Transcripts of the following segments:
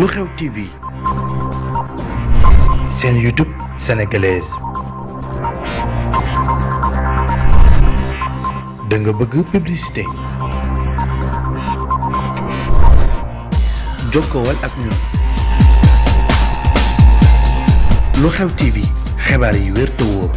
lu xew TV seen YouTube sénégalaise da nga bëgg publicité jokkowal ak ñun lu xew TV xibaar yi wér te wóor.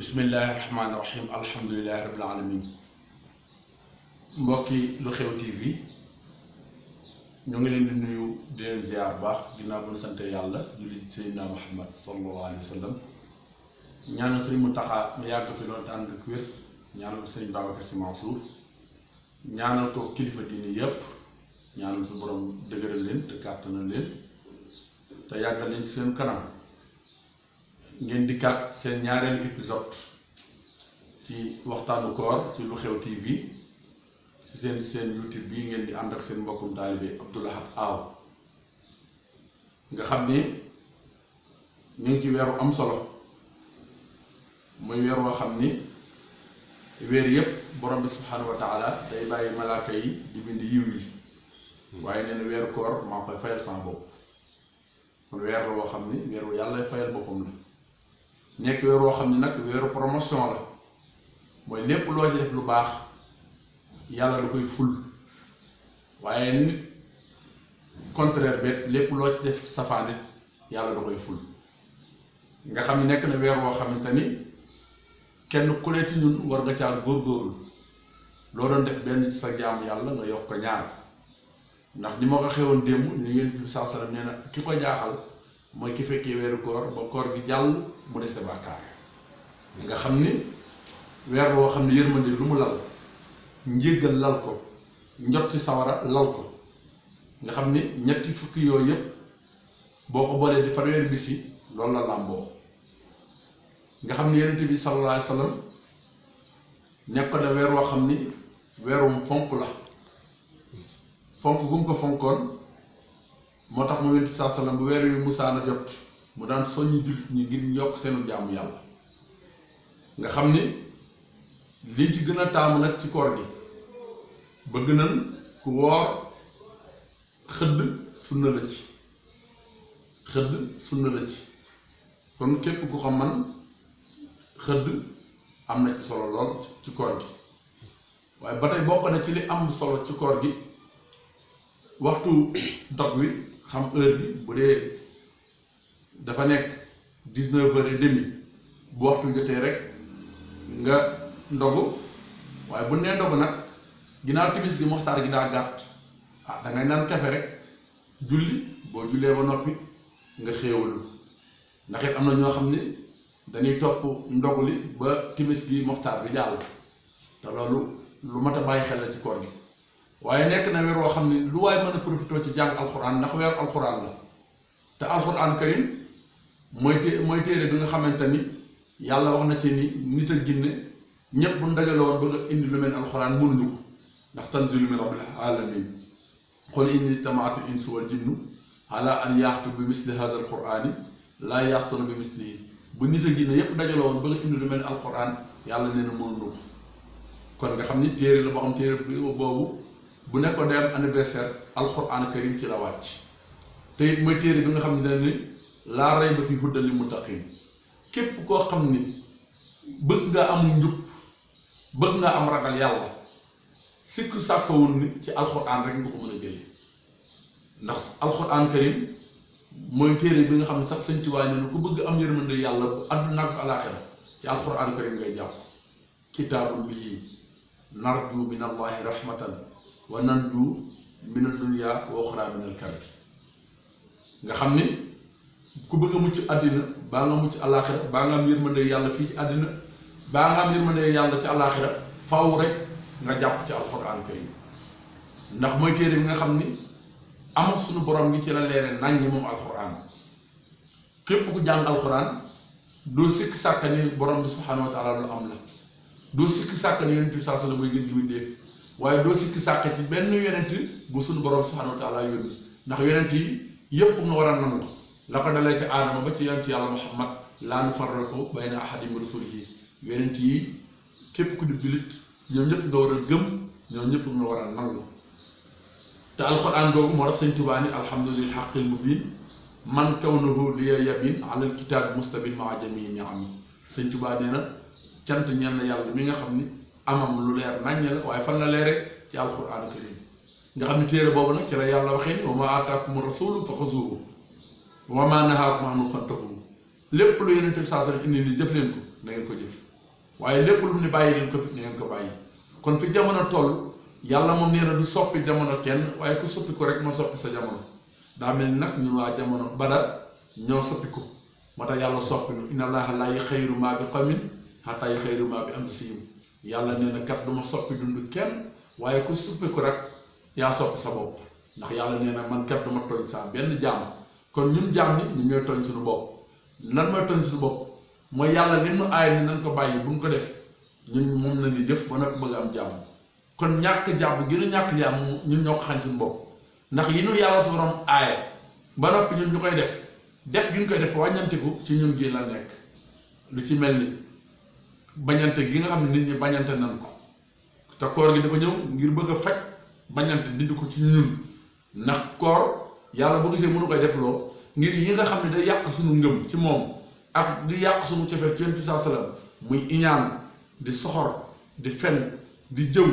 bismillaahi rahmaani rahiim alhamdulillaahi rabbil aalamiin mbokki lu xew TV ñoo ngi leen di nuyu di leen ziar baax ginnaaw bu sant yàlla julli ci Muhammad sallallahu alayhi wa sallam ñaanal sëñ Mountakha mu yàgg fi loolu te ànd ak ñaanal ko sëñ Babacar Sy ñaanal ko kilifa diini yépp ñaanal su borom dëgëral leen te kàttanal leen te yàggal leen ci seen kanam ngeen dikkaat seen ñaareelu épisode ci waxtaanu koor ci lu xew TV ci seen seen YouTube bi ngeen di ànd ak seen mbokkum taalibe Abdou Lahad Aw nga xam ni ñu ngi ci weeru am solo muy weer woo xam ni weer yépp borom bi subhanahu wa taala day bàyyi malaaka yi di bind yiw yi hmm. waaye nee weeru koor maa koy fayal sama bopp kon weer woo xam ni weer yàlla fayal boppam la weer woo xam ni nag weeru promotion la mooy lépp loo ci lu baax yàlla da koy ful waaye nit contraire bet lépp loo ci def safaan it yàlla da koy ful nga xam nekk na weer woo xamante ni kenn ku ne ci ñun war nga caa góorgóorlu loo doon def benn ci sa jaam yàlla nga yokk ko ñaar ndax ni ma ko xewoon démb ñu ngeen bi saa nee na ki ko jaaxal mooy ki fekkee weeru koor ba koor gi jàll mu des de bàkkaar nga xam ni weer woo xam ne yërmande lu mu lal njéggal lal ko njotti sawara lal ko nga xam ni ñetti fukki yooyu yëpp boo ko boolee di fanweeri bis yi loolu la làmboo nga xam ni yonent bi sallallahu alayhi wa sallam nekk na weer woo xam ni weerum fonk la fonk gum ko fonkoon moo tax mu yonent saa sallam bu weer wi musaana jot mu daan soññ jullit ñi ngir yokk seenu jaamu yàlla nga xam ni liñ ci gën a taamu nag ci koor gi bëgg nañ ku woor xëdd sunna la ci xëdd sunna la ci kon képp ku ko man xëdd am na ci solo lool ci koor gi waaye ba tey bokk na ci li am solo ci koor gi waxtu dog wi xam heure bi bu dee dafa nekk dix-neuf heures et bu waxtu jotee rek nga ndogu waaye bu nee ndogu nag ginnaaw timis gi moxtaar gi daa gàtt ah dangay naan kafe rek julli boo jullee ba noppi nga xéewlu ndax it am na ñoo xam ni dañuy topp ndogu li ba timis gi moxtaar bi jàll te loolu lu mat a bàyyi xel la ci koor gi waaye nekk na weer woo xam ni lu waaye mën a profité ci jàng alxuraan ndax weeru alxuraan la te alxuraan karim mooy té mooy téere bi nga xamante ni yàlla wax na ci ni nit ak jinne ñépp bu ñu dajaloon ba nga indi lu mel alxuraan mënuñu ko ndax tanzilu min rabbil alamin qul in ijtamaatu insu wal jinnu ala an yaxtu bi misli hada alqurani laa yaxtuna bi mislihi bu nit a ginne yëpp dajaloon ba nga indi lu mel alxuraan yàlla nee mënuñu ko kon nga xam ni téere la boo xam téere boobu bu nekkoon day am anniversaire alxuraan karim ci la wàcc te it mooy téere bi nga xam ne ni laa rey ba fi huddal li muttaqin képp koo xam ni bëgg bëgg nga am ragal yàlla sikk sàkkawul ni ci alxuraan rek nga ko mën a jëlee ndax alxuraan karim mooy téere bi nga xam ne sax sëñ Tuubaa ne ku bëgg am yërmande yàlla bu àdduna ak alaaxira ci alxuraan karim ngay jàpp kitaabun bihi narju min rahmatan wa nanju min ad-dunya wa uxra min al-karb nga xam ni ku bëgg a mucc àddina baa nga mucc alaaxira baa nga am yërmande yàlla fii ci àddina baa nga am yërmande yàlla ci àllaaxira faaw rek nga jàpp ci alxuraan karim ndax mooy téere bi nga xam ni amul suñu borom gi ci la leere nañ ñi moom alxuraan képp ku jàng alxuraan doo sikk sàkk ni borom bi subhaanahu wa taala lu am la doo sikk sàkk ni yonent bi saa sala mooy waaye doo sikk ci benn yonent bu suñu borom subhaanahu wa taala yónni ndax yonent yi yépp na war a nangu la ko dalee ci aadama ba ci yonent yàlla muhammad laa nufarriqu bayna ahadin min rusulihi yonent yi képp ku di jullit ñoo ñëpp nga war a gëm ñoom ñëpp nga war a nangu te alxuraan googu moo tax sëñ Tuubaa ni alhamdulil xaqil mubiin man kawnuhu liya yabin alal kitaab mustabin maa jamii ña am sëñ Tuubaa na cant ñen yàlla mi nga xam ni amam lu leer nàññe la waaye fan la leere ci alxuraan karim nga xam ni téere boobu nag ci la yàlla waxee wa maa aataakum rasuulu fa xuzuuhu wa maa nahaakum anhu fantahu lépp lu yeneen te saa sa indi ni jëf leen ko na waaye lépp lu mu ne bàyyi leen ko fi ne ngeen ko bàyyi kon fi jamono toll yàlla moom nee na du soppi jamono kenn waaye ku soppi rek ma soppi sa jamono daa mel nag ñun waa jamono badar ñoo soppi ko moo yàlla soppi nu inna allaha laa yuxayyiru maa bi qawmin hattaa yuxayyiru maa bi yàlla nee du ma soppi dund kenn waaye ku soppi rek yaa soppi sa bopp ndax yàlla nee na man kat du ma tooñ saa benn jaam kon ñun jaam ni ñu ñooy tooñ suñu bopp lan mooy tooñ suñu bopp. mooy yàlla lim nu aay ni nañ ko bàyyi bu ñu ko def ñun moom nañu jëf ba noppi bëgg am jàmm kon ñàkk jàmm gënu ñàkk jàmm ñun ñoo xañ suñu bopp ndax yi nu yàlla su borom aaya ba noppi ñun ñu koy def def gi ñu koy def wàññantiku ci ñun gii la nekk lu ci mel ni bañante gi nga xam ne nit ñi bañante nan ko te koor gi dafa ñëw ngir bëgg a faj bañante dindi ko ci ñun ndax koor yàlla boo gisee mënu koy defloo ngir yi nga xam ne day yàq suñu ngëm ci moom ak di yàq suñu cofeel ci yonent saa salaam muy iñaan di soxor di fen di jëw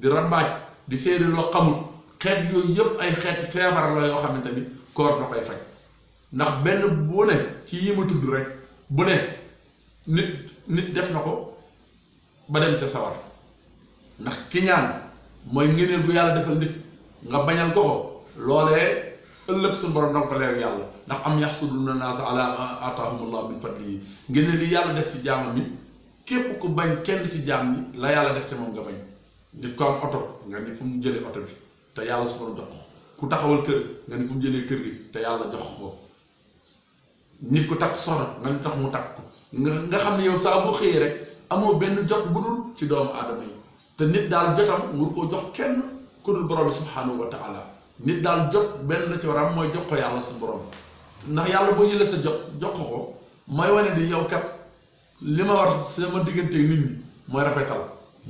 di rabaaj di seede loo xamul xeet yooyu yëpp ay xeet feebar la yoo xamante ni koor na koy faj ndax benn bu ne ci yi ma tudd rek bu ne nit nit def na ko ba dem ca sawar ndax ki mooy ngëneel bu yàlla defal nit nga bañal ko ko loolee ëllëg suñu borom danga ko leer yàlla ndax am naa yaxsuduna naasa ala ataahumullah min fadli ngeen li yàlla def ci jaamam bi képp ku bañ kenn ci jaam yi la yàlla def ci moom nga bañ nit ko am oto nga ni fu mu jëlee oto bi te yàlla su borom jox ko ku taxawal kër nga ni mu jëlee kër gi te yàlla jox ko ku takk soxna nga mu takk ko nga nga xam ne yow saa boo xëyee rek amoo benn jot bu dul ci doomu aadama yi te nit daal jotam wur koo jox kenn ku dul borom bi subhanahu wa taala nit daal jot benn na ci waram mooy jox ko yàlla su borom ndax yàlla boo jëlee sa jot jox ko ko mooy wane di yow kat li ma war ma diggante nit ñi mooy rafetal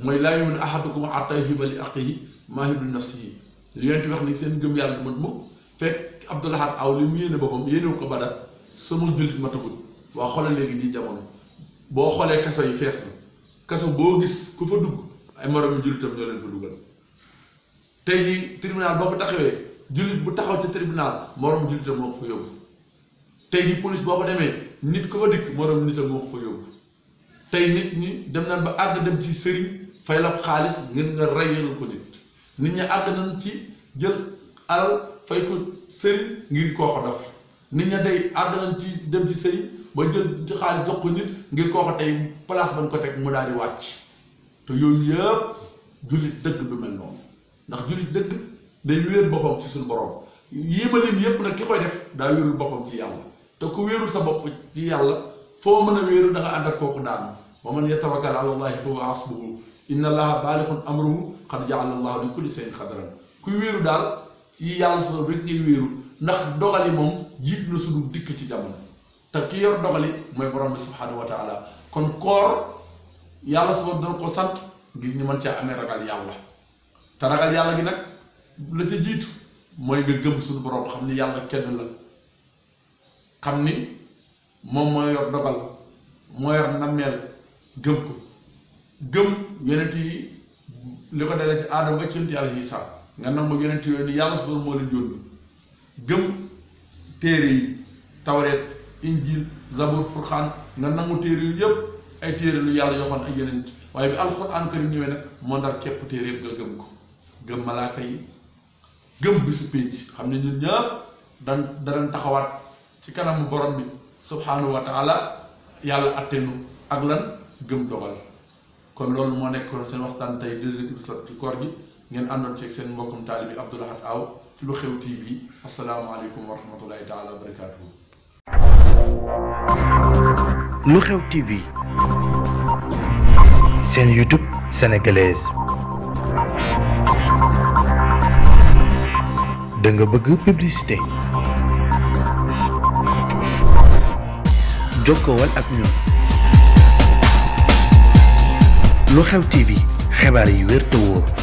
mooy laa yu'minu ahadukum hattaa yuhibba li axiihi maa yuhibbu li nafsihi li yonent wax ni seen gëm yàlla du mat mukk fekk Abdul aw li mu yéene boppam yéenewu ko badal sama jullit matagul waa xoolal léegi ji jamono boo xoolee kaso yi fees na kaso boo gis ku fa dugg ay moroom jullitam ñoo leen fa tey jii tribunal boo ko taxawee jullit bu taxaw ci tribunal moroom jullitam moo ko fa yóbbu tey jii boo ko demee nit ko dikk moroom nitam moo ko fa ñi dem nañ ba àgg dem ci sëriñ fay la xaalis ngeen nga rayal ko nit nit ñi àgg nañ ci jël alal fay ko sëriñ ngir koo ko def nit ña day àgg nañ ci dem ci sëriñ ba jël ci xaalis jox ko nit ngir koo ko tey place bañ ko teg mu daal di wàcc te yooyu yëpp jullit dëgg du mel noonu. ndax jullit dëgg day wéer boppam ci suñu borom yii ma yépp nag ki koy def daa wéerul boppam ci yàlla te ku wéerul sa bopp ci yàlla foo mën a wéeru da kooku daanu wa man yatawakkal ala allahi fa huwa hasbuhu inna allaha baalixun amruhu qad jaala allahu li kulli shay'in ku wéeru daal ci yàlla su rek ngay wéeru ndax dikk ci jamono te ki yor dogali mooy borom bi kon koor yàlla su dana ko sant ngir ñu mën caa amee ragal yàlla te yàlla gi nag la ca jiitu mooy nga gëm suñu borom xam ni yàlla kenn la xam ni moom moo yor dogal moo yor nammeel gëm ko gëm yonent li ko dalee ci aadama ba ci yonent yàlla yi sax nga nangu yonent yooyu ni yàlla su doon moo gëm téere yi tawreet injil zabur furxaan nga nangu téere yu yëpp ay téere yàlla joxoon ak yeneen waaye bi alxuraan karim ñëwee nag moo ndar képp téere yëpp nga gëm ko gëm malaaka yi gëm bisu pénc xam ne ñun ñëpp dan danañ taxawaat ci kanamu borom bi subhanahu wa taala yàlla attenu ak lan gëm dogal kon loolu moo nekkoon seen waxtaan tey deuxième épisode ci koor gi ngeen àndoon ci seen mbokkum taalibi Abdou Lahad Aw ci Lu Xew TV asalaamaaleykum wa rahmatullahi taala wa barakaatuhu Lu Xew TV seen YouTube sénégalaise da nga bëgg publicité. jokkool ak ñoom. lu xew TV xibaar yi wér te wóor.